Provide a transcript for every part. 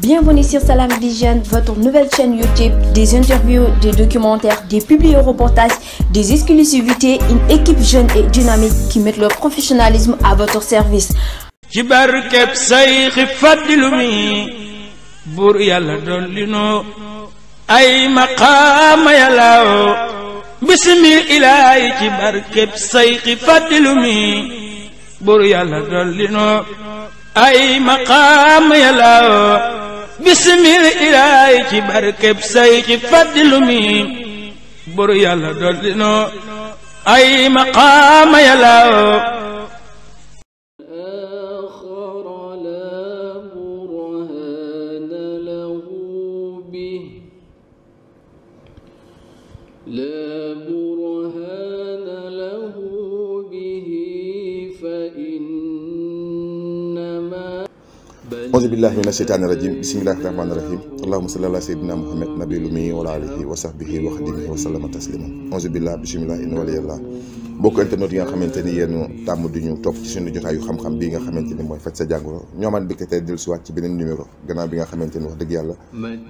Bienvenue sur Salam Vision, votre nouvelle chaîne YouTube, des interviews, des documentaires, des publi-reportages, des exclusivités, une équipe jeune et dynamique qui met leur professionnalisme à votre service. ci barkeb Sayxi Fadilu mi buur yàlla dolli noo ay maqaama yàllaaw bisimil ilaahi ci barkeb Sayxi Fadilu mi buur yàlla bismil ilaahi ci barkeb say ci faddilu mi buru yàlla dolli noo ay maqaama yàlla auzu billahi mina sheytaani rajim bismillahi rahmaani rahim allahuma salli ala sayyidina muhammad nabil ummi wa ala alihi wa sahbihi wa xadimihi wa sallama tasliman auzu billahi bismillahi internet yi nga xamante ni yéen tàmm di topp ci suñu jotaayu xam-xam bii nga xamante ni mooy faj sa jàngoro ñoomaan bi tey dellusiwaat ci beneen numéro gannaaw bi nga xamante ni wax dëgg yàlla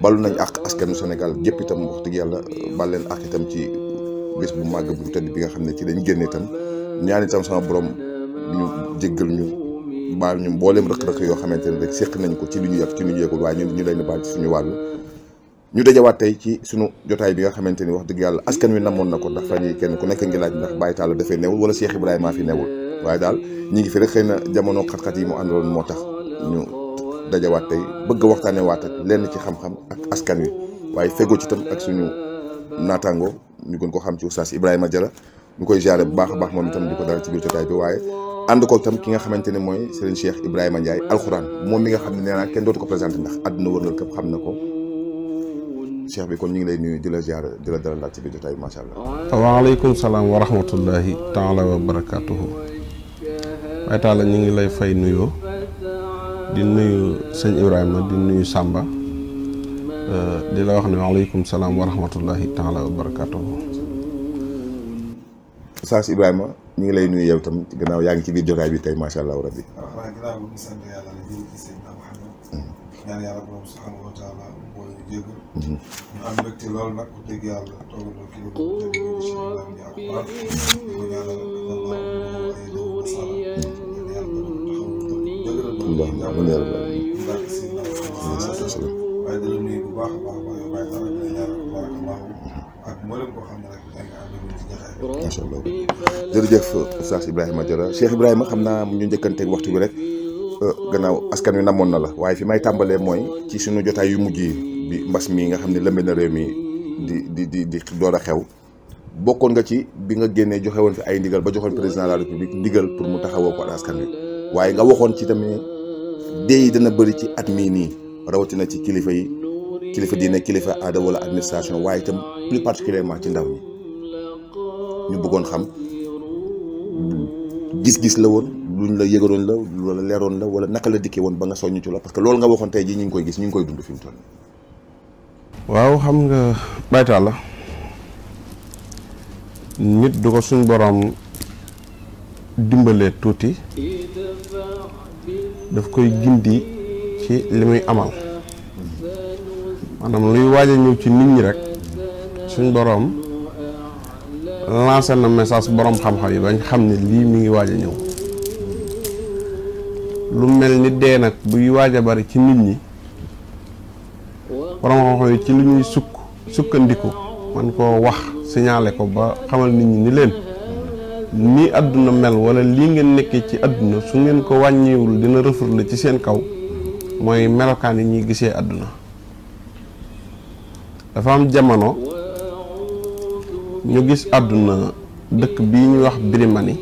balu nañ ak askanu Sénégal gépp itam wax dëgg yàlla bal leen ak itam ci bis bu màgg bu tëdd bi nga xam ne ci dañ génn itam ñaan itam sama borom ñu jéggal ñu baal ñu mbooleem rëq-rëq yoo xamante ne rek séq nañ ko ci lu ñu yàq ci lu ñu yëgul waaye ñu leen baal ci suñu wàll ñu dajawaat tey ci suñu jotaay bi nga xamante ni wax dëgg yàlla askan wi namoon na ko ndax fa yi ku nekk ngi laaj ndax Baye Talla dafay newul wala Cheikh Ibrahima fi newul waaye daal ñi ngi fi rek na jamono xat-xat yi mu àndaloon moo tax ñu dajawaat tey bëgg a waxtaane waat ak lenn ci xam-xam ak askan wi waaye fego ci tam ak suñu naataango ñu gën ko xam ci Oustaz Ibrahima Diarra ñu koy jaare bu baax baax moom itam di ko dara ci biir jotaay bi waaye ànd ko tam ki nga xamante ne mooy Serigne Cheikh Ibrahima Ndiaye alxuraan moom mi nga xam ne nee naa kenn dootu ko présenté ndax àdduna wërngal képp xam na ko Cheikh bi kon ñu ngi lay nuyu di la ziar di la dalal laaj ci biir salaam wa rahmatullahi taala wa barakaatuhu. ñu ngi lay fay nuyoo di nuyu sëñ nuyu Samba euh, di la wax ne waaleykum salaam wa rahmatullahi taala wa barakaatuhu. Ibrahima. ñu ngi lay nuyu yow tam gannaaw yaa ngi ci biir jotaay bi tey macha allah rabbi. waaw waaye gannaaw bi sant yàlla la jërëjëf sëñ Mouhamed. Mm-hmm. ñaan yàlla borom subhanahu wa taala boole ñu jégal. Mm-hmm. ñu am mbégte lool nag ku dégg yàlla toogaloo kii la ñu dégg incha allah ñu am baax ñu ko ñaanal waaye dina nuyu bu baax a baax a baax yow bàyyi dara ñu ñaanal barakallahu mboolem koo xam ne rek Ibrahima xam naa ñu njëkkanteeg waxtu bi rek euh, gannaaw askan wi namoon na la waaye fi may tàmbalee mooy ci suñu jotaay yu mujj yi bi mbas mii nga xam ne lëmbe na réew mi di di di di door a xew. bokkoon nga ci bi nga génnee joxe woon fi ay ndigal ba joxoon président de la république ndigal pour mu taxawoo ko askan wi waaye nga waxoon ci tamit dee yi dana bari ci at mii nii rawatina ci kilifa yi kilifa diine kilifa aada wala administration waaye itam plus particulièrement ci ndaw ñu bëggoon xam gis-gis la woon luñ la yëgaroon la wala leeroon la wala naka la dikkee woon ba nga soññu ci la parce que loolu nga waxoon tey jii ñu ngi koy gis ñu ngi koy dund fi mu toll waaw xam nga baytaal la nit du ko suñ boroom dimbalee tuuti daf koy gindi ci li muy amal maanaam luy waaj a ñëw ci nit ñi rek suñ boroom lancé na message boroom xam-xam yi bañ xam ne lii mi ngi waaj ñëw lu mel ni dee nag buy waaj a bari ci nit ñi boroom xam-xam yi ci lu ñuy sukk sukkandiku man koo wax signalé ko ba xamal nit ñi ni leen nii àdduna mel walla lii ngeen nekkee ci àdduna su ngeen ko wàññiwul dina rëfër la ci seen kaw mooy melokaan yi ñuy gisee àdduna dafa am jamono ñu gis àdduna dëkk bi ñuy wax Birimani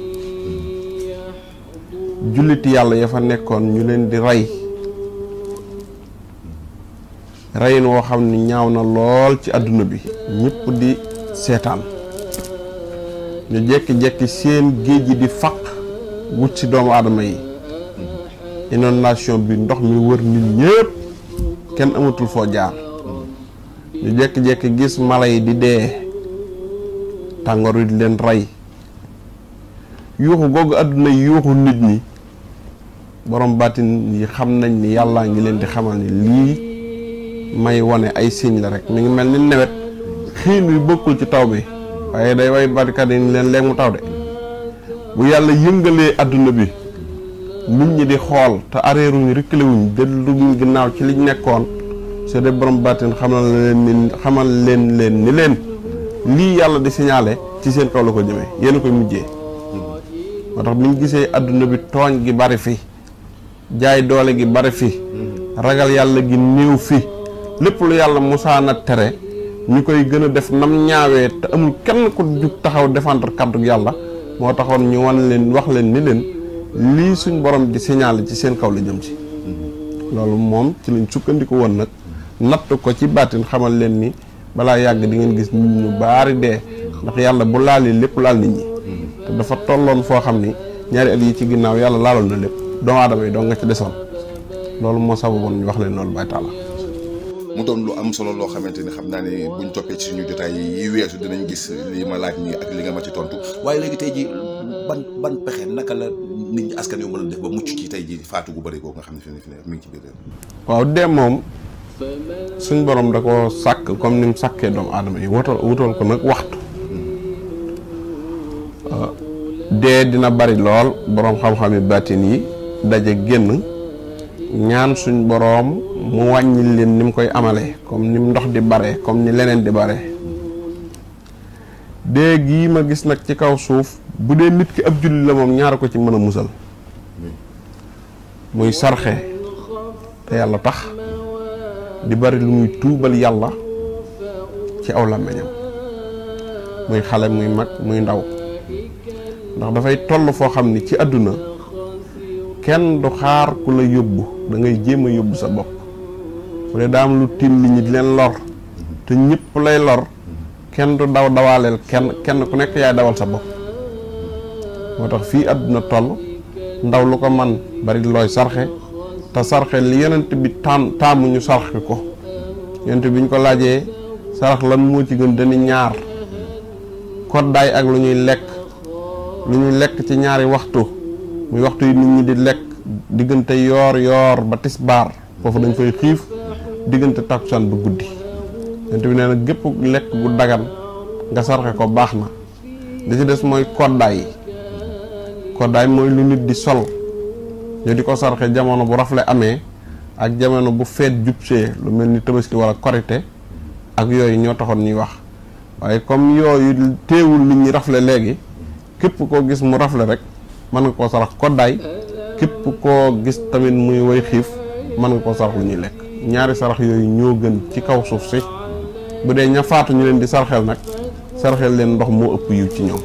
julliti yàlla ya fa nekkoon ñu leen di rey reyin woo xam ni ñaaw na lool ci àdduna bi ñépp di seetaan ñu jekki-jekki seen géej gi di faq wut ci doomu aadama yi inondation bi ndox mi wër nit ñëpp kenn amatul foo jaar ñu jékki-jékki gis mala yi di dee tàngoor wi di leen rey yuuxu googu àdduna yuuxu nit ñi borom baatin yi xam nañ ni yàlla ngi leen di xamal ni lii may wone ay signe la rek mi ngi mel ni nawet xiin wi bokkul ci taw bi waaye day way baatikat yi ni leen léeg mu taw de bu yàlla yëngalee àdduna bi nit ñi di xool te areeruñ reculé wuñ delluñ ginnaaw ci liñ nekkoon seede borom baatin xamal leen ni xamal leen leen ni leen lii yàlla di signalé ci seen kaw la ko jëmee yéen a koy mujjee moo tax bu ñu gisee àdduna bi tooñ gi bari fi jaay doole gi bari fi ragal yàlla gi néew fi lépp lu yàlla musaana tere ñu koy gën a def nam ñaawee te amul kenn ku jug taxaw défendre kàddu yàlla moo taxoon ñu wan leen wax leen ni leen lii suñ borom di signalé ci seen kaw la jëm si loolu moom ci lañ sukkandiku woon nag natt ko ci baatin xamal leen ni balaa yàgg di ngeen gis nit ñu baari dee ndax yàlla bu laalee lépp laal nit ñi te dafa tolloon foo xam ni ñaari at yi ci ginnaaw yàlla laaloon na lépp doomu aadama yi doo nga ci desoon loolu moo sababoon ñu wax leen loolu bàyyi taala mu doon lu am solo loo xamante ni xam naa ne buñ toppee ci suñu jotaay yi weesu dinañ gis lii ma laaj nii ak li nga ma ci tontu waaye léegi tey ji ban ban pexe naka la nit ñi askan wi mën a mucc ci tey ji faatu gu bëri googu nga xam ne fi ne mi ngi ci suñ borom da ko sàkk comme ni mu sàkkee doomu aadama yi wutal wutal ko nag waxtu ah, dee dina bari lool boroom xam-xam yi baatin yi daje génn ñaan suñ boroom mu wàññi leen ni mu koy amalee comme ni mu ndox di bare comme ni leneen di bare dee gii ma gis nag ci kaw suuf bu dee nit ki ab julli la moom ñaar ko ci mën a musal muy sarxe te yàlla tax di bari lu muy tuubal yàlla ci aw làmmiñam muy xale muy mag muy ndaw ndax dafay toll foo xam ni ci àdduna kenn du xaar ku la yóbbu dangay ngay jéem a yóbbu sa bopp bu dee daa am lu tiim ñi di leen lor te ñëpp lay lor kenn du daw dawaaleel kenn kenn ku nekk yaay dawal sa bopp moo tax fii àdduna toll ndaw lu ko man bari looy sarxe te sarxe li yonent bi taam taamu ñu sarxe ko yonent bi ñu ko laajee sarax lan moo ci gën dañu ñaar koddaay ak lu ñuy lekk lu ñuy lekk ci ñaari waxtu muy waxtu yi nit ñi di lekk diggante yoor yoor ba tisbaar foofu dañ koy xiif diggante takkusaan ba guddi yonent bi nee na gépp lekk gu dagan nga sarxe ko baax na li ci des mooy koddaay koddaay mooy lu nit di sol ñu di ko sarxe jamono bu rafle amee ak jamono bu feet jubsee lu mel ni tabaski wala korite ak yooyu ñoo taxoon ñuy wax waaye comme yooyu teewul nit ñi rafle léegi képp koo gis mu rafle rek mën nga koo sarax koddaay képp koo gis tamit muy woy xiif mën nga ko sarax lu ñuy lekk ñaari sarax yooyu ñoo gën ci kaw suuf si bu dee ña faatu ñu leen di sarxel nag sarxel leen ndox moo ëpp yiw ci ñoom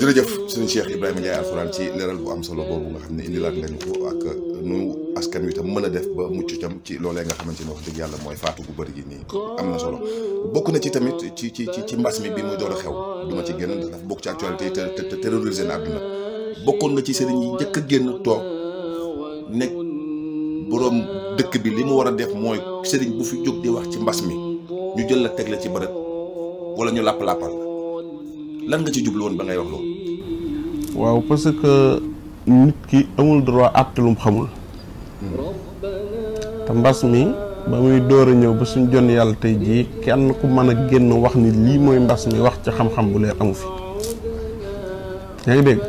jërëjëf sëriñ Cheikh Ibrahima Ndiaye alxuraan ci leeral bu am solo boobu nga xam ne indilaat nga ñu ko askan wi tam mën a def ba mucc tam ci loolee nga xamante ne wax dëgg mooy faatu gu bëri gi am solo bokk na ci tamit ci ci ci mbas mi bi muy door a xew duma ci génn ndax dafa bokk ci actualité te te terrorisé na àdduna bokkoon nga ci sëriñ yi njëkk a génn toog nekk boroom dëkk bi li mu war a def mooy sëriñ bu fi jóg di wax ci mbas mi ñu jël la teg la ci bërëb wala ñu làpp-làppal lan nga ci jublu woon waaw parce que nit ki amul droit àtte lu xamul. te mbas mi ba muy dóor a ñëw ba suñ jon yàlla tey jii kenn ku mën a génn wax ni lii mooy mbas mi wax ci xam-xam bu leer amu fi. yaa ngi dégg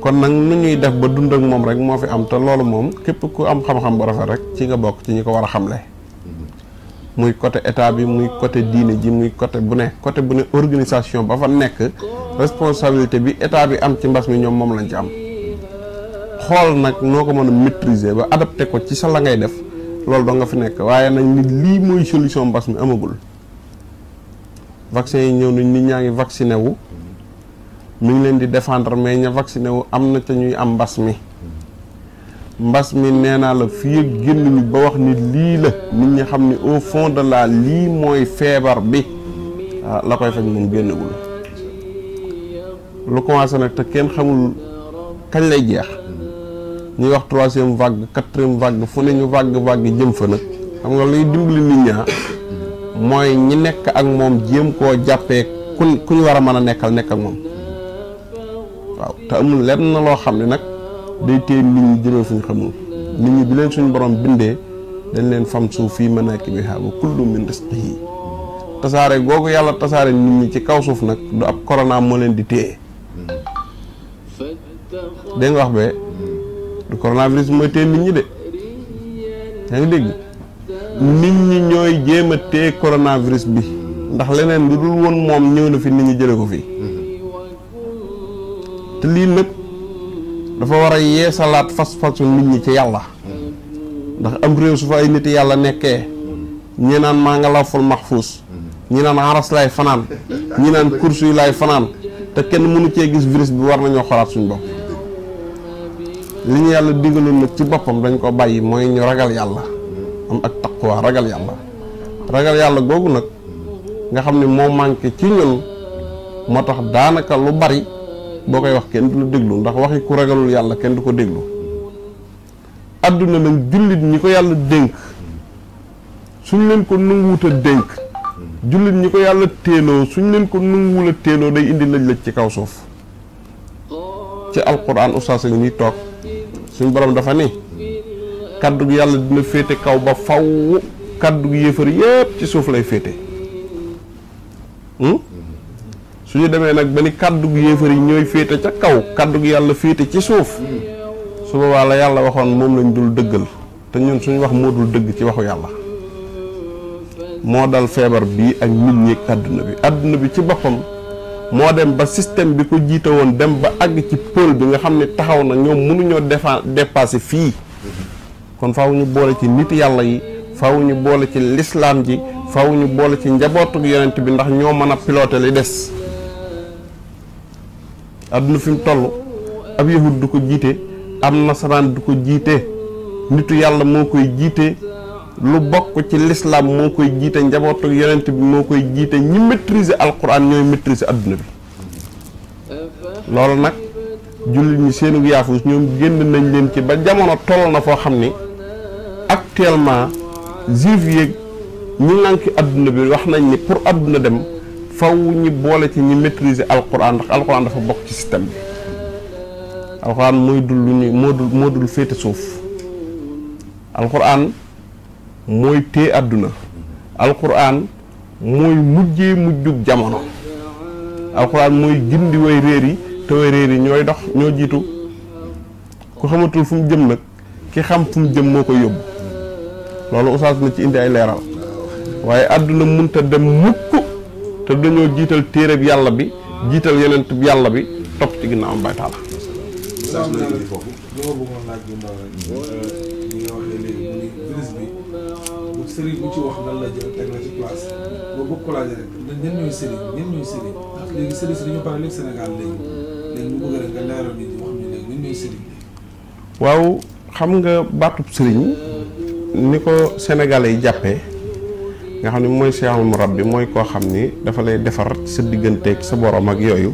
kon nag nu ñuy def ba dund ak moom rek moo fi am te loolu moom képp ku am xam-xam bu rafet rek ci nga bokk ci ñu ko war a xamle. muy côté état bi muy côté diine ji muy côté bu ne côté bu ne organisation ba fa nekk responsabilité bi état bi am ci mbas mi ñoom moom lañ ci am xool nag noo ko mën a maîtriser ba adapté ko ci sa la ngay def loolu doo nga fi nekk waaye nag nit lii mooy solution mbas mi amagul vaccin yi ñëw nañ nit ñaa ngi vacciné wu mu ngi leen di défendre mais ña vacciné wu am na ca ñuy am mbas mi mbas mi nee naa la fii ak génnuñu ba wax ni lii la nit ñi xam ni au fond de la lii mooy feebar bi ah, la koy faj moom génnagul lu commencé nag te kenn xamul kañ lay jeex ñuy wax troisième vague quatrième vague fu ne ñu vague vague jëm fa nag xam nga luy dimbali nit ñaa ah, mooy ñi nekk ak moom jéem koo jàppee ku kuñ war a mën a nekkal nekk ak moom waaw te amul lenn loo xam ne nag. day téye nit ñi jëlee fuñ xamul nit ñi bi leen suñu borom bindee dañ leen fam suuf fii manaakibihaa wa kullu min rizqihi tasaare googu yàlla tasaare nit ñi ci kaw suuf nag du ab corona moo leen di téye dégg nga wax be du coronavirus mooy téye nit ñi de yaa ngi dégg nit ñi ñooy jéem a téye coronavirus bi ndax leneen lu dul woon moom ñëw na fi nit ñi jële ko fi te lii nag dafa war a yeesalaat fas-fasu nit ñi ci yàlla ndax am réew su fa ay nit yàlla nekkee ñi naan maa nga lawful maxfuus ñi naan aras lay fanaan ñi naan kursu lay fanaan te kenn mënu cee gis virus bi war nañoo xalaat suñu bopp li ñu yàlla digaloon nag ci boppam dañ ko bàyyi mooy ñu ragal yàlla am ak taqwa ragal yàlla ragal yàlla googu nag nga xam ne moo manqué ci ñun moo tax daanaka lu bari boo koy wax kenn du la déglu ndax waxi ku ragalul yàlla kenn du ko déglu àdduna nag jullit ñi ko yàlla dénk suñ leen ko nanguwut dénk jullit ñi ko yàlla téeloo suñ leen ko nanguwul a téeloo day indi lëj-lëj ci kaw suuf ci alquran ustaas ngi nii toog suñ borom dafa ni kaddu yàlla dina féete kaw ba faw kaddu gu yéefar yépp ci suuf lay féete hmm? su ñu demee nag ba ni kàddu gu yéefar yi ñooy féete ca kaw kàddu gu yàlla féete ci suuf su boobaa la yàlla waxoon moom lañ dul dëggal te ñun suñu wax moo dul dëgg ci waxu yàlla moo dal feebar bii ak nit ñi àdduna bi àdduna bi ci boppam moo dem ba système bi ko jiite woon dem ba àgg ci pôle bi nga xam ne taxaw na ñoom mënuñoo defa dépassé fii kon faaw boole ci nit yàlla yi faaw ñu boole ci lislaam ji fawuñu boole ci njabootu yonent bi ndax ñoo mën a piloté li des adduna fi mu toll ab yahud du ko jiite ab nasaraan du ko jiite nitu yàlla moo koy jiite lu bokk ci lislaam moo koy jiite njabootu yonent bi moo koy jiite ñi maîtriser alquran ñooy maîtriser àdduna bi loolu nag jullit ñi seenu yaafus ñoom génn nañ leen ci ba jamono toll na foo xam ni actuellement juif yeeg ñi lànki adduna bi wax nañ ni pour adduna dem faw ñi boole ci ñi maîtriser alquran ndax alquran dafa bokk ci système bi alquran mooy dul lu ñu moo dul moo dul féete suuf alquran mooy tée àdduna alquran mooy mujjee mujjug jamono alquran mooy gindi way réer yi te way réer yi ñooy dox ñoo jiitu ku xamatul fu mu jëm nag ki xam fu jëm moo koy yóbbu loolu oustaz na ci indi ay leeral waaye àdduna munta dem mukk te dañoo jiital téereb yàlla bi jiital yonent yàlla bi topp ci ginnaawam bay taala foofu nga waxee léegi ko laajee rek waaw xam nga baatub sëriñ ni ko sénégalais yi jàppee nga xam ne mooy seexul murabbi mooy koo xam ni dafa lay defar sa digganteeg sa borom ak yooyu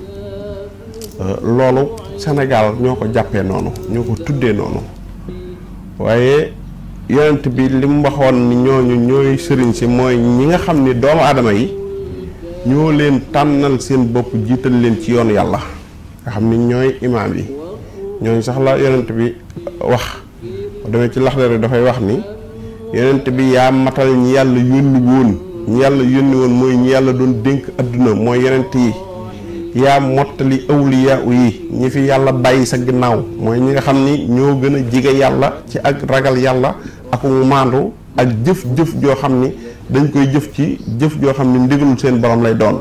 euh, loolu senegaal ñoo ko jàppee noonu ñoo ko tuddee noonu waaye yonent bi li waxoon ni ñooñu ñooy sëriñ si mooy ñi nga xam ni doomu aadama yi ñoo leen tànnal seen bopp jiital leen ci yoon yàlla nga xam ni ñooy imaam yi ñooñu sax la yonent bi wax demee ci laxdar yi dafay wax ni yeneent bi yaa matal ñi yàlla yónni woon ñi yàlla yónni mooy yàlla doon dénk adduna mooy yeneent yi yaa mottali awliya yi ñi fi yàlla bàyyi sa ginnaaw mooy ñi nga xam ni ñoo gën a jige yàlla ci ak ragal yàlla ak maandu ak jëf-jëf joo xam ni dañ koy jëf ci jëf joo xam ni ndigalul seen borom lay doon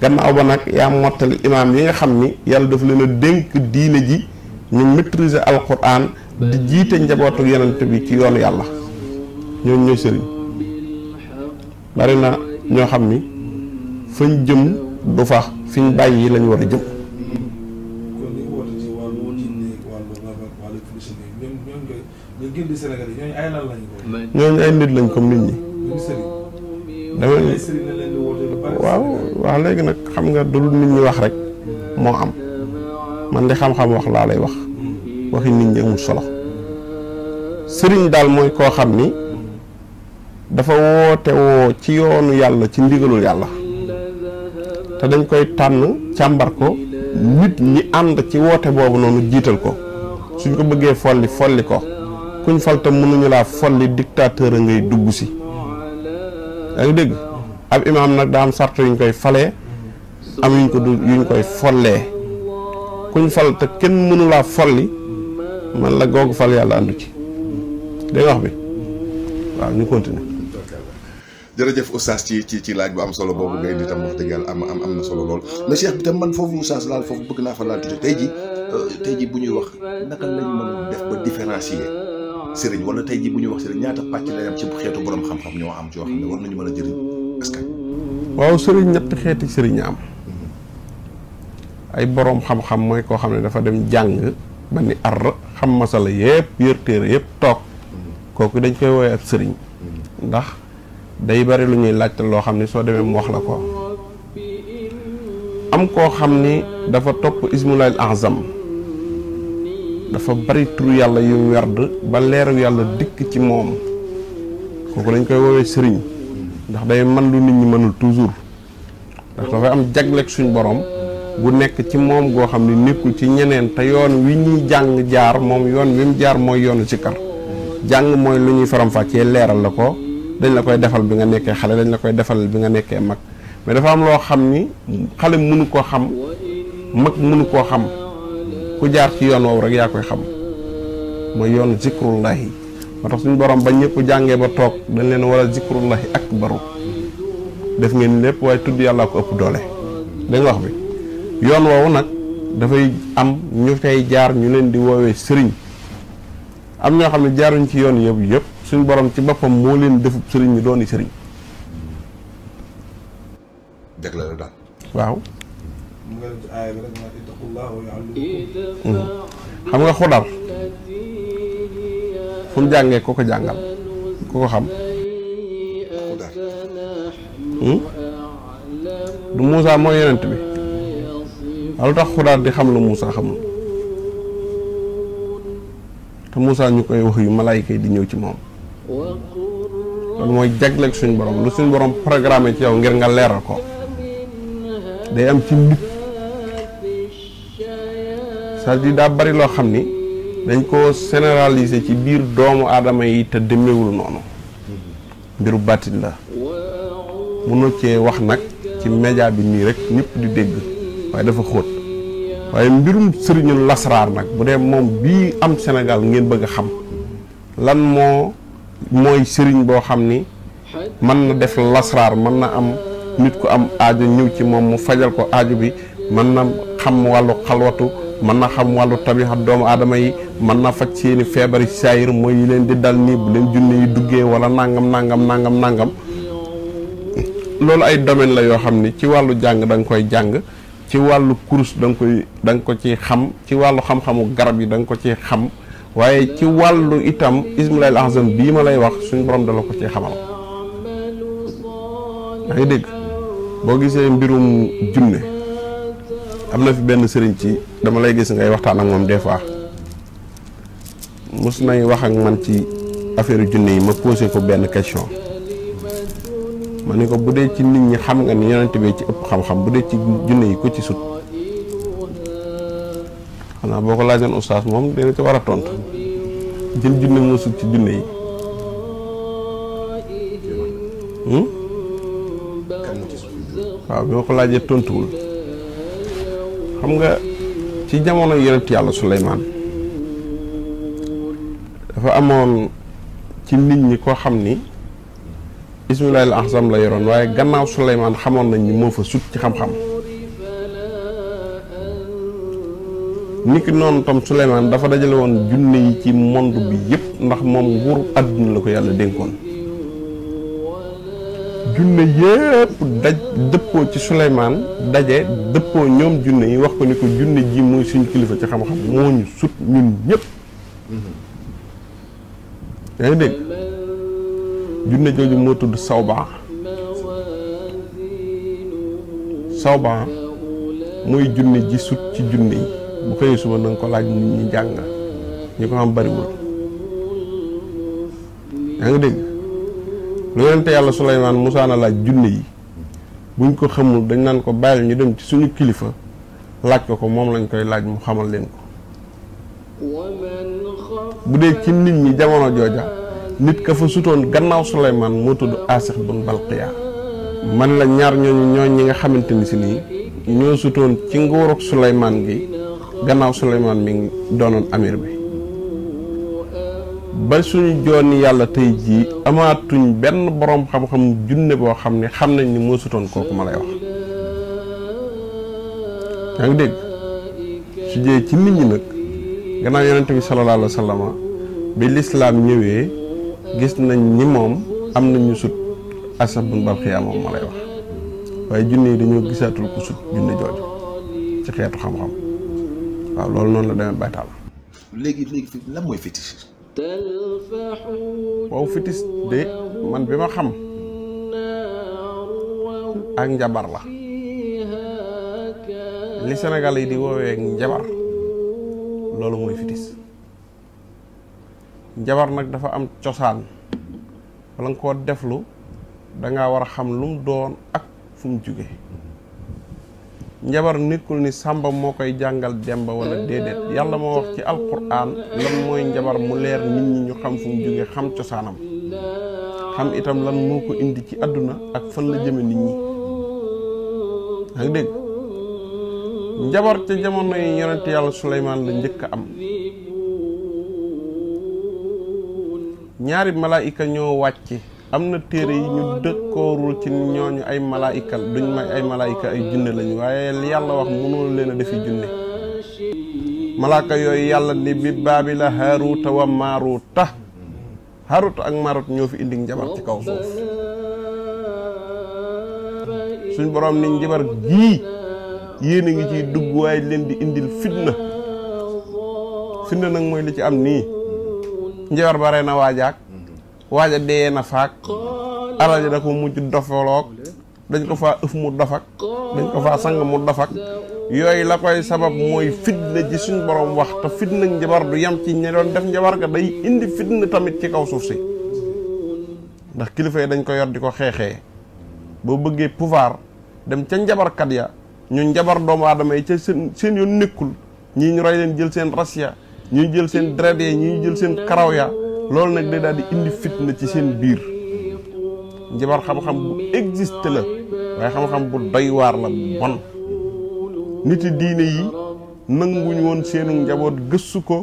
gannaaw ba nag yaa mottali imaam yi nga xam ni yàlla daf leen dénk diine ji ñu maîtriser alquran di jiite njabootu yonent bi ci yoonu yàlla ñooñu ñooy sëriñ bari na ñoo xam ni fañ jëm du faax fi ñu bàyyi lañu war a jëm ñooñu ay nit lañ comme nit ñi dama waaw waaw léegi nag xam nga du nit ñi wax rek moo am man di xam-xam wax laa lay wax waxi nit ñi amul solo sëriñ daal mooy koo xam ni dafa woote woo ci yoonu yàlla ci ndigalul yàlla te dañ koy tànn càmbar ko nit ñi ànd ci woote boobu noonu jiital ko suñ ko bëggee folli folli ko kuñ falta mënuñu laa folli dictateur a ngay dugg si yaa ngi dégg ab imaam nag daa koy falee am yuñ kuñ fal te kenn mënu laa folli man la googu fal yàlla àndu ci dégg nga wax bi waaw ñu continuer jërëjëf oustaz ci ci ci laaj bu am solo boobu ngay di tam wax dëgg yàlla am am am na solo lool mais cheikh bi tam man foofu oustaz laal foofu bëgg naa fa laal tuuti tey ji euh, tey ji bu ñuy wax naka lañ mën a def ba différencier sëriñ wala tey ji bu ñuy wax sëriñ ñaata pàcc lay am ci xeetu borom xam-xam ñoo am ci yoo xam ne war nañu a waaw sëriñ ñetti xeeti sëriñ am ay boroom xam-xam mooy koo xam ne dafa dem jàng ba ni ar xam masala yëpp yër téere yëpp toog kooku dañ koy woowee ab sëriñ ndax day bari lu ñuy laajte loo xam ni soo demee mu wax la ko am koo xam ni dafa topp ismulaayil azam dafa bari turu yàlla yu werd ba leeru yàlla dikk ci moom kooku lañ koy woowee sëriñ ndax day man lu nit ñi mënul toujours ndax dafay am jagleeg suñ borom gu nekk ci moom goo xam ne nekkul ci ñeneen te yoon wi ñuy jàng jaar moom yoon wi mu jaar mooy yoonu ci kar jàng mooy lu ñuy faram-fàccee leeral la ko dañ la koy defal bi nga nekkee xale dañ la koy defal bi nga nekkee mag ma dafa am loo xam ni xale mënu koo xam mag mënu koo xam ku jaar ci yoon woowu rek yaa koy xam mooy yoon zikrullahi moo tax suñu borom ba ñëpp jàngee ba toog dañ leen war a zikrullahi akbaru def ngeen lépp waaye tudd yàlla ko ëpp doole dégg wax bi yoon woowu nag dafay am ñu fay jaar ñu leen di woowee sëriñ am ñoo xam ne jaaruñ ci yoon yëpp yëpp suñ borom ci boppam moo leen defub sëriñ ñu dooni sëriñ jagle la daal waaw hmm. xam nga xudar fu mu jàngee ku ko jàngal ku ko xam hmm? du Moussa mooy yonent bi waaw lu tax xudar di xam lu Moussa xamul te Moussa ñu koy wax yu malaayika yi di ñëw ci moom loolu mooy jagleel suñ borom lu suñ borom programme ci yow ngir nga leeral ko day am ci nit cest à daa bari loo xam ni dañ ko généraliser ci biir doomu aadama yi te demeewul noonu mbiru bàttin la mënoo cee wax nag ci média bi nii rek ñépp di dégg waaye dafa xóot waaye mbirum sëriñu lasraar nag bu dee moom bii am Sénégal ngeen bëgg a xam lan moo mooy sëriñ boo xam ni mën na def lasraar mën na am nit ku am aajo ñëw ci moom mu fajal ko aajo bi mën na xam wàllu xalwatu mën na xam wàllu tabixa doomu aadama yi mën na faj seeni feebari saayir mooy yi leen di dal nii bu leen junne yi duggee wala nangam nangam nangam nangam loolu ay domaine la yoo xam ni ci wàllu jàng danga koy jàng ci wàllu kurus da nga ko ci xam ci wàllu xam-xamu garab yi danga ko ci xam waaye ci wàllu itam ismulaayil ahzam bii ma lay wax suñu borom dala ko ci xamal yaa ngi dégg boo gisee mbirum junne am na fi benn sëriñ ci dama lay gis ngay waxtaan ak moom des fois mos nay wax ak man ci affaire junne yi ma posé ko benn question ma ne ko bu dee ci nit ñi xam nga ni yonent bi ci ëpp xam-xam bu dee ci junne yi ko ci sut xanaa boo ko laajoon oustaz moom dina ci war a tontu jël junne moo sut ci junne hmm? ko laajee tontuwul xam nga ci jamono yonent yàlla Suleymaan dafa amoon ci nit ñi koo xam ni ismilaahil ahzam la yoroon waaye gannaaw Suleymaan xamoon nañ ni moo fa sut ci xam-xam. niki noonu tam Souleymane dafa dajale woon junne yi ci monde bi yëpp ndax moom nguur àdduna la ko yàlla dénkoon junne yëpp daj dëppoo ci Souleymane daje dëppoo ñoom junne yi wax ko ni ko junne ji mooy suñu kilifa ci xam-xam moo ñu sut ñun ñëpp yaa ngi dégg junne jooju moo tudd sawbaa mooy junne ji sut ci junne yi bu xëyee suba na ko laaj nit ñu jàng ñi ko xam bariwul yaa ngi dégg lu yonente yàlla Suleymaan musaana laaj junne yi buñ ko xamul dañ naan ko bàyyil ñu dem ci suñu kilifa laaj ko ko moom lañ koy laaj mu xamal leen ko bu dee ci nit ñi jamono jooja nit ka fa sutoon gannaaw Suleymaan moo tudd Asix bun Balqiya man la ñaar ñooñu ñooñ ñi nga xamante ni si nii ñoo sutoon ci nguurug Suleymaan gi gannaaw Souleymane mi ngi doonoon amir bi ba suñu jooni yàlla tey jii amaatuñ benn boroom xam-xam junne boo xam ne xam nañ ni mësutoon kooku ma lay wax yaa ngi dégg su jee ci nit ñi nag gannaaw yonente bi sallallahu alayhi bi lislaam ñëwee gis nañ ni moom am nañu sut asabun bal xiyaa moom ma lay wax waaye junne yi dañoo gisaatul ko sut junne jooju ci xeetu xam-xam waaw loolu noonu la demee baytaal. léegi léegi mooy fétiche. waaw fétiche bi ma xam ak njabar la li senegal yi di woowee njabar loolu mooy fitis njabar nag dafa am cosaan wala nga koo deflu da war a xam lu doon ak fum mu jóge njabar nekkul ni sàmba moo koy jàngal demba walla déedéet yàlla moo wax ci alquran lan mooy njabar mu leer nit ñi ñu xam fu mu jóge xam cosaanam xam itam lan moo ko indi ci àdduna ak fan la jëme nit ñi ak dégg njabar ca jamono yi yonent yàlla suleymaan la njëkk a am ñaari malaayika ñoo wàcce am na téere yi ñu dëkkoorul ci ñooñu ay malaayika duñ may ay malaayika ay junne lañu waaye yàlla wax mënul leen a defi junne malaaka yooyu yàlla ni bi baabi la haaruuta wa maaruuta haaruuta ak maaruuta ñoo fi indi njabar ci kaw suuf suñ borom ni njabar gii yéen ngi ciy dugg waaye leen di indil fitna fitna nag mooy li ci am nii njabar bare na waajaak waaja dee na faak alal ji da ko mujj dofoloog dañ ko faa ëf mu dofak dañ ko faa sang mu dofak yooyu la koy sabab mooy fitna ji suñ borom wax te fitna njabar du yem ci ñi def njabar ga day indi fitna tamit ci kaw suuf si ndax kilifa yi dañ ko yor di ko xeexee boo bëggee pouvoir dem ca njabarkat ya ñu njabar doomu aadama yi ca seen seen yoon nekkul ñii ñu rey leen jël seen ras ya ñii jël seen deret ya ñii jël seen karaw ya loolu nag day daal di indi fitna ci seen biir njabar xam-xam bu existe la waaye xam-xam bu doy waar la bon niti diine yi nanguñ woon seenu njaboot gëstu ko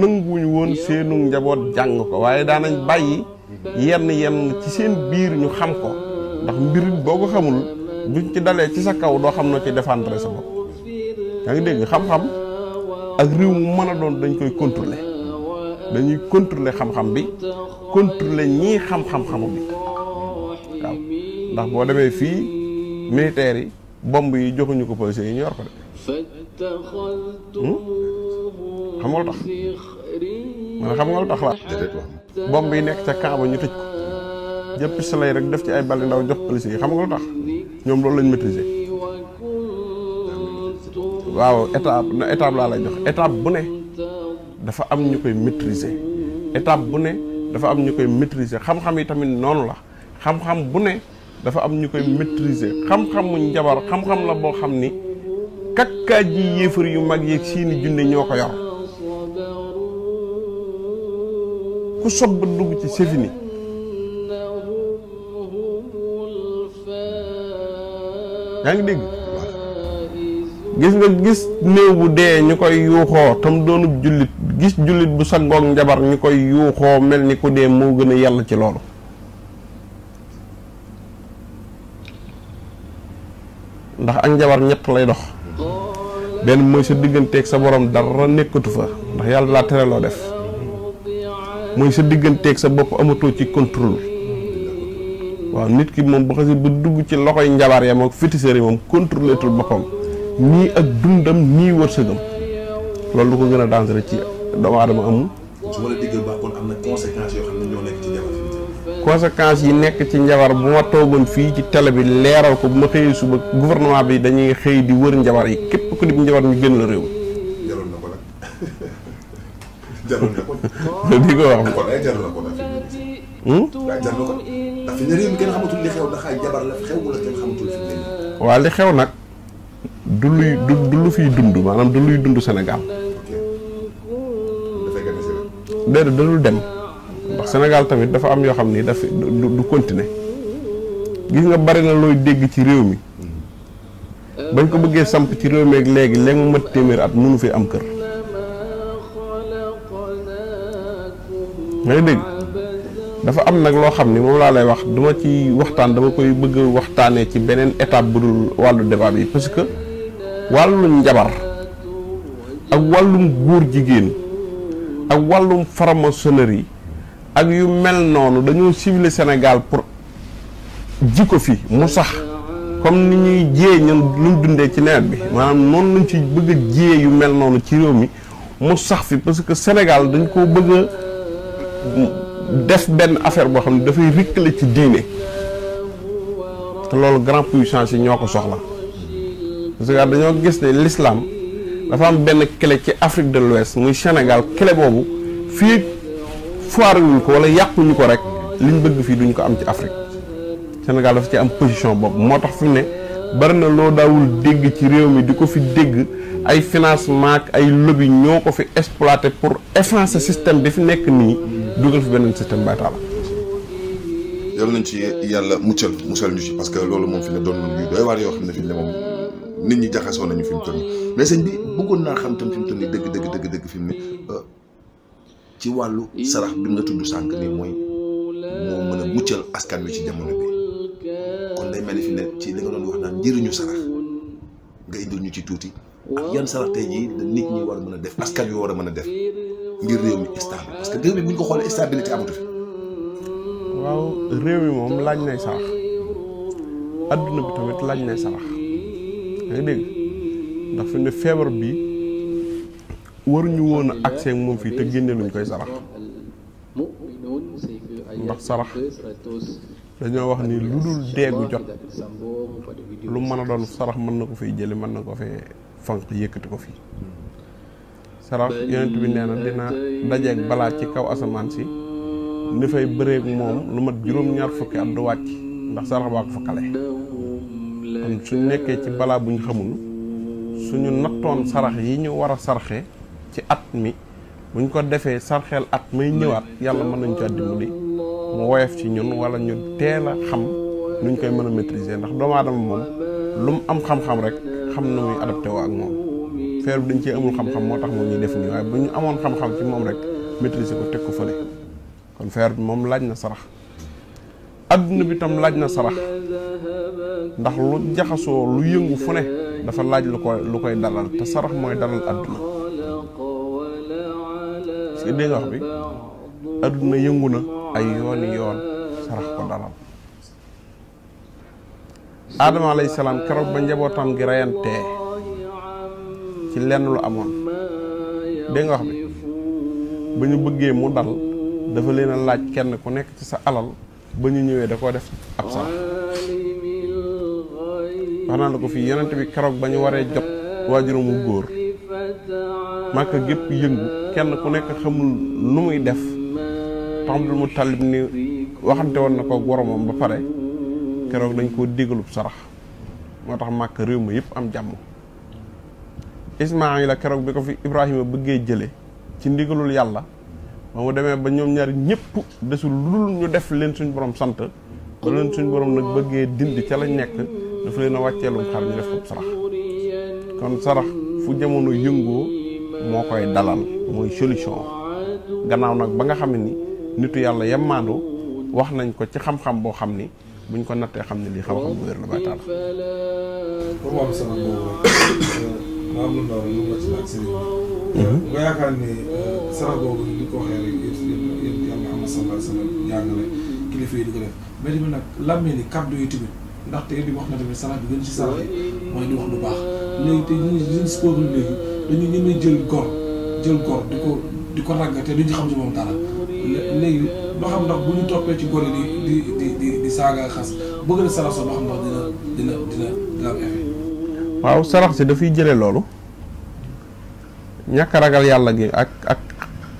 nanguñ woon seenu njaboot jàng ko waaye daanañ bàyyi yenn yenn ci seen biir ñu xam ko ndax mbir boo ko xamul ñu ci dalee ci sa kaw doo xam na ci défendre sa bopp yaa ngi dégg xam-xam ak réew mu mën a doon dañ koy contrôler dañuy contrôler xam-xam bi contrôler ñii xam-xam-xamu bi waaw ndax boo demee fii militaires yi bomb yi joxuñu ko policiers yi ñu yor ko de hmm? xam man xam nga lu tax la bomb yi nekk ca camp ñu tëj ko jël pistolet rek def ci ay bali ndaw jox policiers yi xam nga lu tax ñoom loolu lañ maîtriser waaw étape étape laa lay jox étape bu ne dafa am ñu koy maîtriser étape bu ne dafa am ñu koy maîtriser xam-xam yi tamit noonu la xam-xam bu ne dafa am ñu koy maîtriser xam-xamu njabar xam-xam la boo xam ni kakkaaj ji yéefar yu mag yeeg seeni junne ñoo ko yor ku sob ba dugg ci sefini yaa ngi dégg gis nga gis néew bu dee ñu koy yuuxoo tam doonub jullit gis jullit bu sa saggoog njabar ñu koy yuuxoo mel ni ku dee moo gën a yàlla ci loolu ndax ak njabar ñett lay dox benn mooy sa digganteeg sa borom dara nekkatu fa ndax yàlla laa loo def mooy sa digganteeg sa bopp amatoo ci contrôle waaw nit ki moom bu xasee ba dugg ci loxoy njabar ya moom féticheur yi moom contrôleetul boppam nii ak dundam nii wërsëgam loolu lu ko gën a dangereux ci doomu aadama amul. su ma la am na conséquences yoo xam ne ñoo nekk yi nekk ci njabar bu ma toogoon fii ci tele bi leeral ko bu ma xëyee suba gouvernement bi dañuy xëy di wër njabar yi képp ku dib njabar ñu gën la hmm? réew. mi kenn xamatul li xew ndax ay jabar la xew wala kenn xamatul fi mu ne waaw li xew nag. du luy du lu fiy dund maanaam du luy dund Sénégal. déedéet dalul dem ndax tamit dafa am yoo xam ni daf du du continuer gis nga bari na looy dégg ci réew mi bañ ko bëggee samp ci réew mi ak léegi léegi mu mat téeméer at mënu fi am kër. ngay dégg dafa am nag loo xam ni moom laa lay wax duma ci waxtaan dama koy bëgg waxtaanee ci beneen étape bu dul wàllu débat yi parce que. wàllum njabar ak wàllum góor jigéen ak wàllum franc-maçonnerie ak yu mel noonu dañoo civiler Sénégal pour ji ko fi mu sax comme ni ñuy jiyee ñun luñ dundee ci nawet bi maanaam noonu lañ ci bëgg a yu mel noonu ci réew mi mu sax fi parce que senegal dañ koo bëgg a def benn affaire boo xam ne dafay rëkkale ci diine te loolu grand puissance yi ñoo ko soxla parce que dañoo gis ne l'islam dafa am benn clé ci Afrique de l'Ouest muy Sénégal clé boobu fii yuñ ko wala yàquñu ko rek liñ bëgg fii duñ ko am ci Afrique Sénégal dafa ci am position boobu moo tax fi ne bari na loo daawul dégg ci réew mi di ko fi dégg ay financement ak ay lobby ñoo ko fi exploité pour effacer système bi fi nekk nii dugal fi beneen système bay taala yàlla nañ ci yàlla muccal muccal ñu ci parce que loolu moom fi ne doon na nit ñi jaxasoo nañu fi mu toll mais sëñ bi bëggoon naa xam tam fi mu toll dëgg dëgg dëgg dëgg fi mu ne euh, ci wàllu sarax bi nga tudd sànq ni mooy moo mën a muccal askan wi ci jamono bi kon ci li nga doon wax naan njëriñu sarax nga indil ñu ci tuuti ak yan sarax tey jii nit ñi war a mën a def askan wi war a mën a def ngir réew mi stable parce que réew bu ñu ko xoolee stabilité amatu fi. waaw réew mi moom laaj nay sarax adduna bi tamit laaj nay sarax. nga dégg ndax fi ne feebar bi waruñu woon a accès moom fii te génne luñ koy sarax ndax sarax dañoo wax ni lu dul deegu jot lu mën a doon sarax mën na ko fiy jëli mën na ko fee fanq yëkkati ko fii sarax yonent bi nee na dina dajeeg balaa ci kaw asamaan si ni fay bëreeg moom lu mat juróom-ñaar fukki at du wàcc ndax sarax baa ko fa kale suñ nekkee ci balaa ñu xamul suñu nattoon sarax yi ñu war a sarxe ci at mi buñ ko defee sarxeel at may ñëwaat yàlla mën nañ caa dimbali mu woyof ci ñun wala ñu teel a xam nuñ koy mën a maîtriser ndax doomu aadama moom lu mu am xam-xam rek xam na muy adapté woo ak moom feer bi dañ cee amul xam-xam moo tax moom ñuy def nii waaye bu ñu amoon xam-xam ci moom rek maîtriser ko teg ko fële kon feer bi moom laaj na sarax adduna bi tam laaj na sarax ndax lu jaxasoo lu yëngu fu ne dafa laaj lu koy lu koy dalal te sarax mooy dalal adduna parce que wax bi adduna yëngu na ay yooni yoon sarax ko dalal aadama alayhi salaam keroog ba njabootam gi reyantee ci lenn lu amoon dégg wax bi ba ñu bëggee mu dal dafa leen laaj kenn ku nekk ci sa alal ba ñu ñëwee da koo def ab sarax wax naa la ko fii yonent bi keroog ba ñu waree jot waajuru mu góor màkka gépp yëngu kenn ku nekk xamul nu muy def mu Muttalib ni waxante woon na ko woroomam ba pare keroog dañ koo digalub sarax moo tax màkk réew ma yëpp am jàmm Ismaayila keroog bi ko fi Ibrahima bëggee jële ci ndigalul yàlla ba mu demee ba ñoom ñaari ñëpp desul lul ñu def leen suñu borom sant ba leen suñ borom nag bëggee dindi ca lañ nekk dafa leen a wàcceelum xar ñu def ko sarax kon sarax fu jamono yëngoo moo koy dalal mooy solution gannaaw nag ba nga xam ne ni nitu yàlla yemmaandu wax nañ ko ci xam-xam boo xam ni buñ ko nattee xam ne lii xam-xam bu wér la yàlla am na di ko ndaxte di wax na tamit salaat bi gën ci salaat yi mooy di wax lu baax léegi te ñun ñun sport léegi dañu ñemee jël góor jël góor di ko di ko ràggate duñu xam ci moom léegi loo xam ndax bu ñu toppee ci góor yi di di di saaga xas bëgg na sarax sa loo xam ndax dina dina dina dina am effet. waaw sarax si dafay jëlee loolu ñàkk ragal yàlla gi ak ak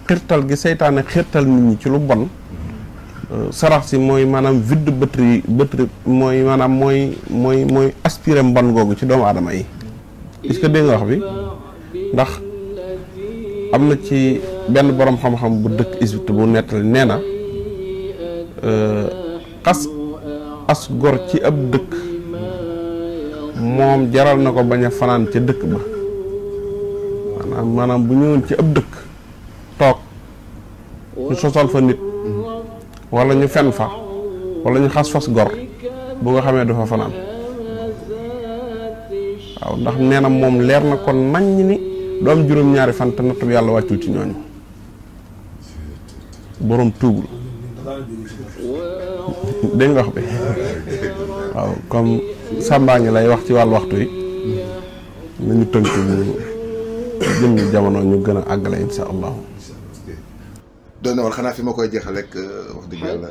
xirtal gi seytaane xirtal nit ñi ci lu bon. sarax si mooy maanaam vidde bëtri bëtri mooy maanaam mooy mooy mooy aspiré mbon googu ci doomu aadama yi est-ce que nga wax bi ndax am na ci benn borom xam-xam bu dëkk Égypte bu nettali nee na xas euh, as gor ci ab dëkk moom jaral na ko bañ a fanaan ca dëkk ba maanaam maanaam bu ñëwoon ci ab dëkk toog ñu sosal fa nit wala ñu fen fa walla ñu xas fas gor bu nga xamee dafa fanaan waaw ndax nee na moom leer na kon naññ ni doom juróom-ñaari fan te natt bi yàlla wàccul ci ñooñu boroom tuubul dégg nga wax bi waaw comme sàmbaa ngi lay wax ci wàllu waxtu yi nañu tënk ñu jëm jamono ñu gën a àggale insha allahu doon na war xanaa fi ma koy jeexal rek euh, wax dëgg yàlla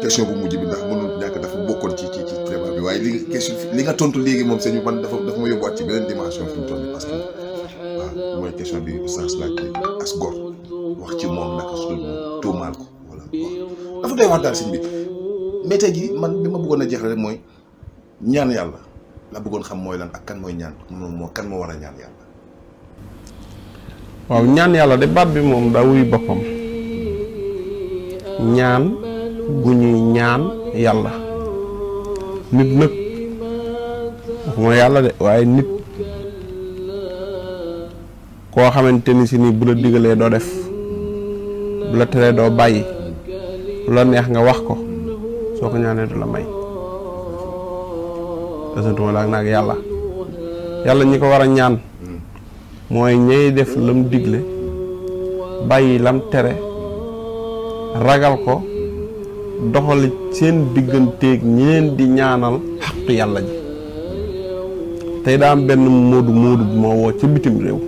question bu mujj bi ndax mënul ñàkk dafa bokkoon ci ci ci vraiment bi waaye li nga li nga tontu léegi moom sañu bi man dafa dafa ma yóbbuwaat ci beneen dimension fi mu toll que waaw mooy question bi sax laaj bi wax ci moom naka su dul tuumaal ko dafa doy wax daal sëñ bi mais tey jii man bi ma bëggoon a jeexal rek mooy ñaan yàlla la bëggoon xam mooy lan ak kan mooy ñaan moom moo kan moo war a ñaan yàlla. waaw ñaan yàlla de baat bi moom daa wuyu boppam. ñaan gu ñuy ñaan yàlla nit nag waxuma yàlla de waaye nit koo xamante ni si nii bu la digalee doo def bu la teree doo bàyyi bu la neex nga wax ko soo ko ñaanee du la may desantuma laak naag yàlla yàlla ñi ko war a ñaan hmm. mooy ñey def lam digle bàyyi lam tere ragal ko doxali seen digganteeg ñeen di ñaanal xaqu yàlla ji tey daa benn moodu moodu bu ma woo ca bitim réew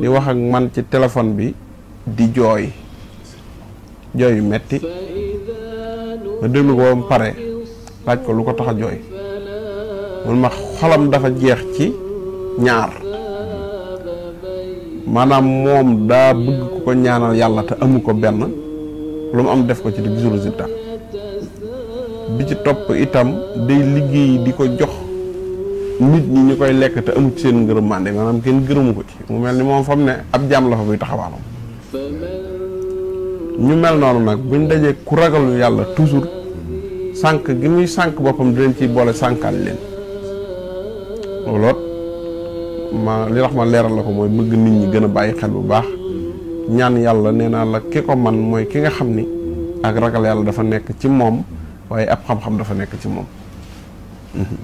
di wax ak man ci téléphone bi di jooy jooy yu metti ma déglu ko ba mu pare laaj ko lu ko tax a jooy man ma xolam dafa jeex ci ñaar maanaam moom daa bëgg ku ko ñaanal yàlla te amu ko benn lu mu am def ko ci di gisu résultat bi ci topp itam day liggéey di ko jox nit ñi ñu koy lekk te amu ci seen ngërëm mànde maanaam kenn gërëmu ko ci mu mel ni moom fam ne ab jaam la fa buy taxawaalam ñu mel noonu nag buñ dajee ku ragal yàlla toujours sànq gi muy sànq boppam di leen ciy boole sànkaal leen ma li tax ma leeral la ko mooy bëgg nit ñi gën a bàyyi xel bu baax ñaan yàlla nee naa la ki ko man mooy ki nga xam ni ak ragal yàlla dafa nekk ci moom waaye ab xam dafa nekk ci mm-hmm.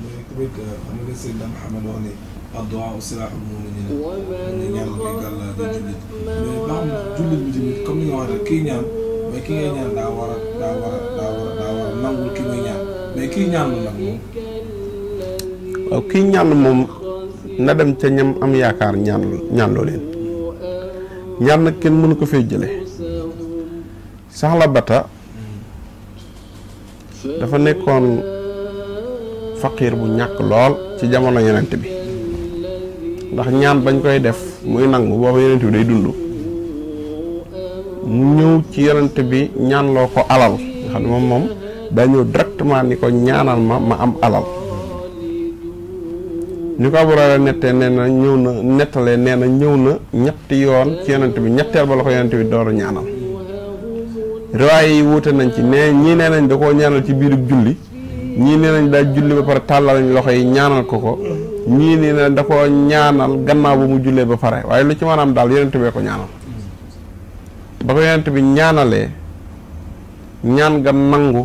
ki ñaan moom na dem ca ñam am yaakaar ñaan ñaanloo leen ñaan nag kenn mënu ko fee jële saxla bata dafa nekkoon faqiir bu ñàkk lool ci jamono yonent bi ndax ñaan bañ koy def muy nangu booba yonent bi day dund mu ñëw ci yonent bi ñaanloo ko alal nga xam ne moom moom daa ñëw directement ni ko ñaanal ma ma am alal ni ko Abraara nettee nee ñëw na nettalee nee na ñëw na ñetti yoon ci yonent bi ñetteel ba la ko yonent bi door ñaanal riwaay yi wuute nañ ci nee ñii nee nañ da koo ñaanal ci biirub julli ñii nee nañ daal julli ba pare tàllal loxo yi ñaanal ko ko ñii nee nañ da koo ñaanal gannaaw bu mu jullee ba pare waaye lu ci maanaam daal yonent bee ko ñaanal ba ko yonent bi ñaanalee ñaan nga nangu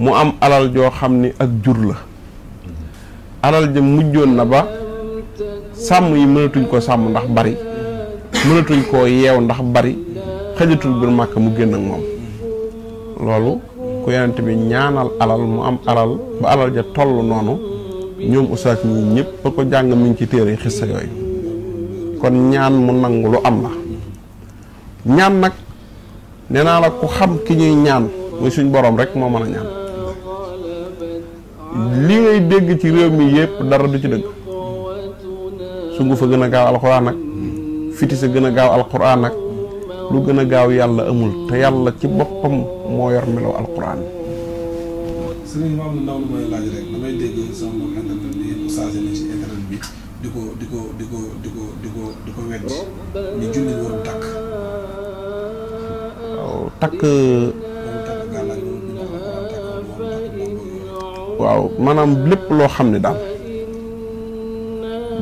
mu am alal joo xam ni ak jur la alal ja mujjoon na ba sàmm yi mënatuñ ko sàmm ndax bari mënatuñ koo yeew ndax bari xëjatul bir màkk mu génn ak moom loolu ku yonent bi ñaanal alal mu am alal ba alal ja toll noonu ñoom ustaas ñi ñëpp ba ko jàng mi ci téere xissa yooyu kon ñaan mu nangu lu am la ñaan nag nee naa la ku xam ki ñuy ñaan muy suñ borom rek moo mën a ñaan li ngay dégg ci réew mi yépp dara du ci dëgg sungu gën a gaaw alxuraan nag fiti sa gën a gaaw alxuraan nag lu gën a gaaw yàlla amul te yàlla ci boppam moo yor melaw alxuraan bi yëpp saase na ci internet bi di ko di ko di ko di ko di ko di ko wedd ni julli woon takk takk waaw maanaam lépp loo xam ne daal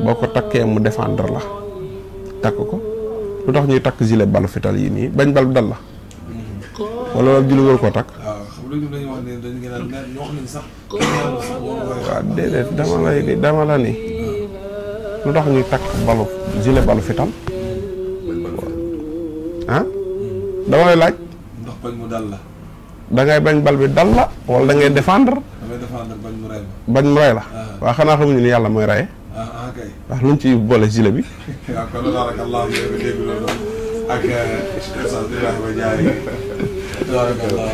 boo ko takkee mu défendre la takk ko lu tax ñuy takk gilet balu fital yi nii bañ bal dal la wala loolu julli war koo takk. waaw déedéet dama lay laaj. ndax bañ da bal bi dal la wala da ngay défendre. bañ mu rey ma. bañ la. Ah. waaw xanaa xamuñu li yàlla mooy reye. ah, ah kay. ci boole gilet bi. waaw kon tabaarakallah dégg loolu ak euh, sant Ibrahima Diaye tabaarakallah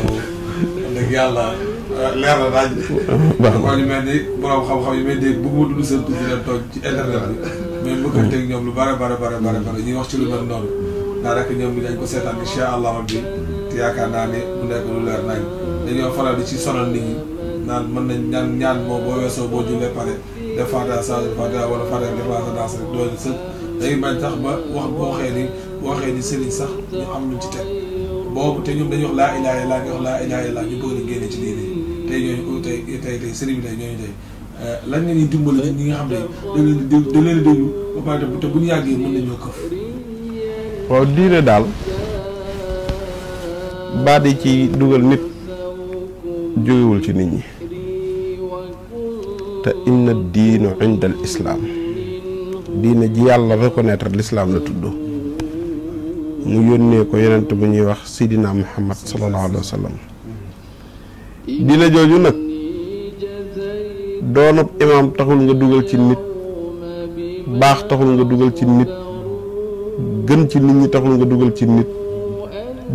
dëgg yàlla euh, leer na daal. waaw kon ñu mel lu seen tur di leen toog ñuy wax ci lu mel noonu. daanaka ñoom bi dañ ko seetaan incha allah rabbi te yaakaar naa ne mu nekk lu leer nañ dañoo faral ci sonal nit ñi. naan mën nañ ñaan ñaan boo boo weesoo boo jullee pare def fatiha saa fatiha wala fatiha def fatiha daas rek doole sëg day bañ sax ba wax boo waxee ni boo waxee ni sëriñ sax ñu am luñ ci teg boobu te ñoom dañuy wax laa ilaaha illallaah nga wax laa ilaaha illallaah ñu bëgg a génne ci diine tey ñooñu tey tey tey sëriñ bi tey ñooñu tey eh, lan ngeen di dimbale ñi nga xam ne da leen di da leen di déglu ba pare te bu ñu yàggee mën nañoo këf. waaw diine daal baat yi ci dugal nit. jógewul ci nit ñi te inna diinu inda al islaam diine ji yàlla reconnaître l'islaam la tudd mu yónnee ko yonent bu ñuy wax sidina muhammad sallallahu alayhi wa sallam diine jooju nag doonab imaam taxul nga dugal ci nit baax taxul nga dugal ci nit gën ci nit ñi taxul nga dugal ci nit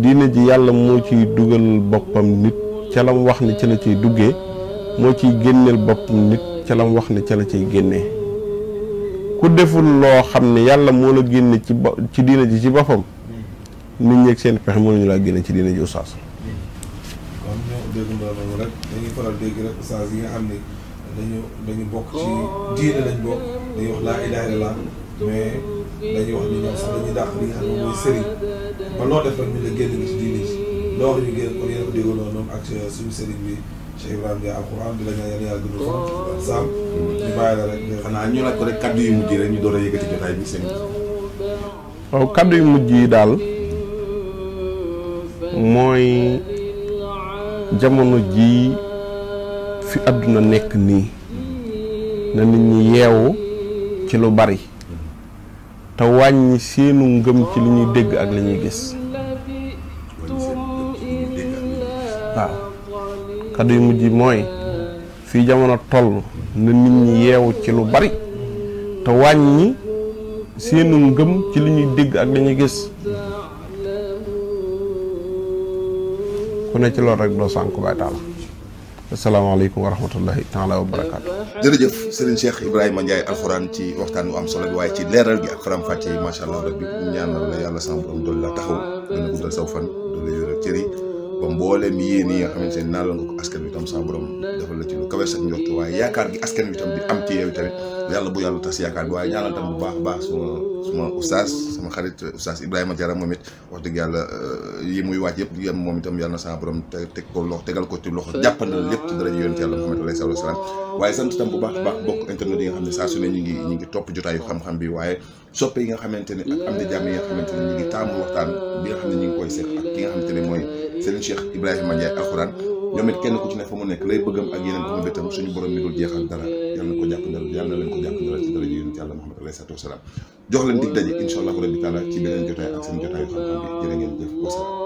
diine ji yàlla moo ciy dugal boppam nit ca la mu wax ni ca la ciy duggee moo ciy génneel boppam nit ca la mu wax ne ca la ciy génnee ku deful loo xam ne yàlla moo la génne ci ba ci diina ci boppam nit ñeeg seen pexe mënuñu laa génne ci diina ji oustaz. kon ñoo dégg noonu yi nga xam ne dañu dañu bokk wax laa ba loo def rek la génn ci diine ji. loolu ñu génn kon yéen a ko déggoo noonu ak suñu waaw kaddu oh, oh, yu mujj yi daal mooy jamono jii fi àdduna nekk nii na nit ñi yeewu ci lu bari te wàññi seenu ngëm ci li ñuy dégg ak li ñuy gis kaddu yu mujj mooy fii jamono toll na nit ñi yeewu ci lu bari te wàññi seenu ngëm ci li ñuy dégg ak li ñuy gis ku ne ci loolu rek doo sànku baay taala asalaamaaleykum wa rahmatullahi taala wa barakaatu. jërëjëf sëriñ Cheikh Ibrahima Ndiaye alxuraan ci waxtaan wu am solo bi waaye ci leeral gi ak faram-fàcce yi macha allah rabbi ñaanal la yàlla sama borom doole la taxaw dana guddal saw fan doole yore cër ba mi yéen yi nga xamante ne naalal nga ko askan bi tam sa borom defal la ci lu kawe sa waaye yaakaar gi askan wi tam di am ci yow tamit yàlla bu yàlla tas yaakaar bi waaye ñaanal tam bu baax baax suma suma oustaz sama xarit oustaz Ibrahima Diarra moom it wax dëgg yàlla euh, yi muy waaj yëpp yem moom itam yàlla na sa borom teg ko loxo tegal ko ci loxo jàppandal lépp ci dara yonent yàlla Muhammad alayhi salaatu wa salaam waaye sant tam bu baax baax bokk internet ne saa su ne ñu ngi ñu ngi topp jotaayu bi waaye soppe yi nga xamante ne ak am xamante ne ñu ngi taamu waxtaan bi nga xam ne ñu ngi koy seq ak ki nga Alxuraan ñoom it kenn ku ci ne fa mu nekk lay bëggam ak yeneen ko mu bétam suñu borom mi dul jeexal dara wa salaam jox leen dig daje incha allahu rabbi taala ci beneen jotaay ak jotaayu xam-xam bi jërë ngeen jëf wasalaam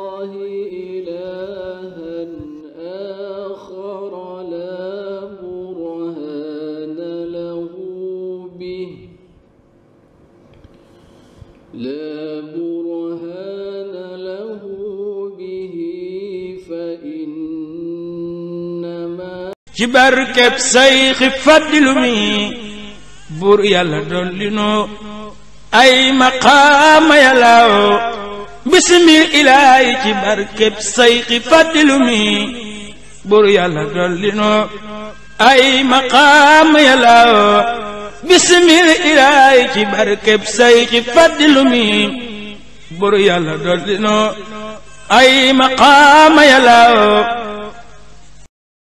ci barkeb say xi fàddilu mi buur yàlla dolli noo ay maqaama yàllaaw bismi ilaahi ci barkeb say xi fàddilu mi buur yàlla dolli noo ay maqaama yàllaaw bismi ilaahi ci barkeb say xi fàddilu mi buur yàlla dolli noo ay maqaama yàllaaw